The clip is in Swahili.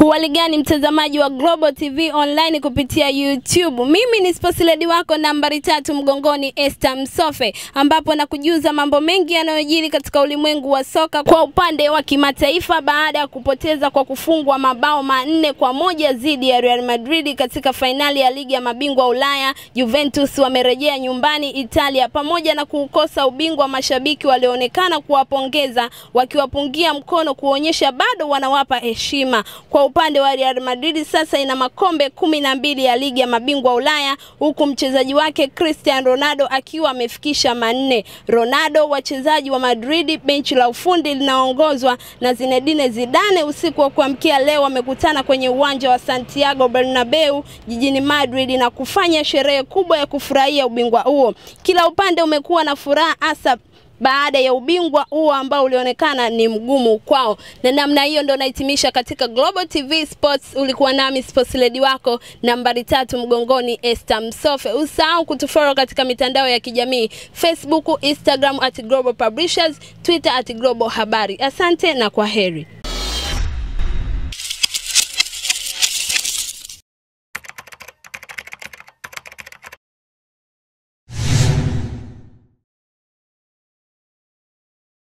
Huwali gani mtazamaji wa Global TV Online kupitia YouTube. Mimi ni sports lady wako nambari tatu mgongoni Esther Msofe, ambapo nakujuza mambo mengi yanayojiri katika ulimwengu wa soka kwa upande wa kimataifa baada ya kupoteza kwa kufungwa mabao manne kwa moja dhidi ya Real Madrid katika fainali ya ligi ya mabingwa Ulaya. Juventus wamerejea nyumbani Italia, pamoja na kuukosa ubingwa, mashabiki walionekana kuwapongeza wakiwapungia mkono kuonyesha bado wanawapa heshima kwa upande wa Real Madrid sasa ina makombe kumi na mbili ya ligi ya mabingwa Ulaya, huku mchezaji wake Cristian Ronaldo akiwa amefikisha manne. Ronaldo, wachezaji wa Madrid, benchi la ufundi linaongozwa na Zinedine Zidane, usiku wa kuamkia leo wamekutana kwenye uwanja wa Santiago Bernabeu jijini Madrid na kufanya sherehe kubwa ya kufurahia ubingwa huo. Kila upande umekuwa na furaha hasa baada ya ubingwa huo ambao ulionekana ni mgumu kwao. Na namna hiyo ndo nahitimisha katika Global TV Sports. Ulikuwa nami sports lady wako nambari tatu mgongoni, Esther Msofe. Usahau kutufollow katika mitandao ya kijamii Facebook, Instagram at Global Publishers, Twitter at Global Habari. Asante na kwa heri.